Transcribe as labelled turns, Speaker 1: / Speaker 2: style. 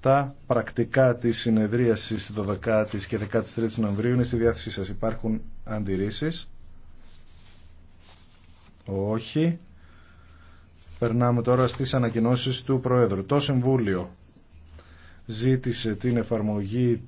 Speaker 1: τα πρακτικά της συνεδρίασης 12 και 13 Νοεμβρίου είναι στη διάθεσή σας. Υπάρχουν αντιρρήσεις. Όχι. Περνάμε τώρα στις ανακοινώσεις του Προέδρου. Το Συμβούλιο ζήτησε την
Speaker 2: εφαρμογή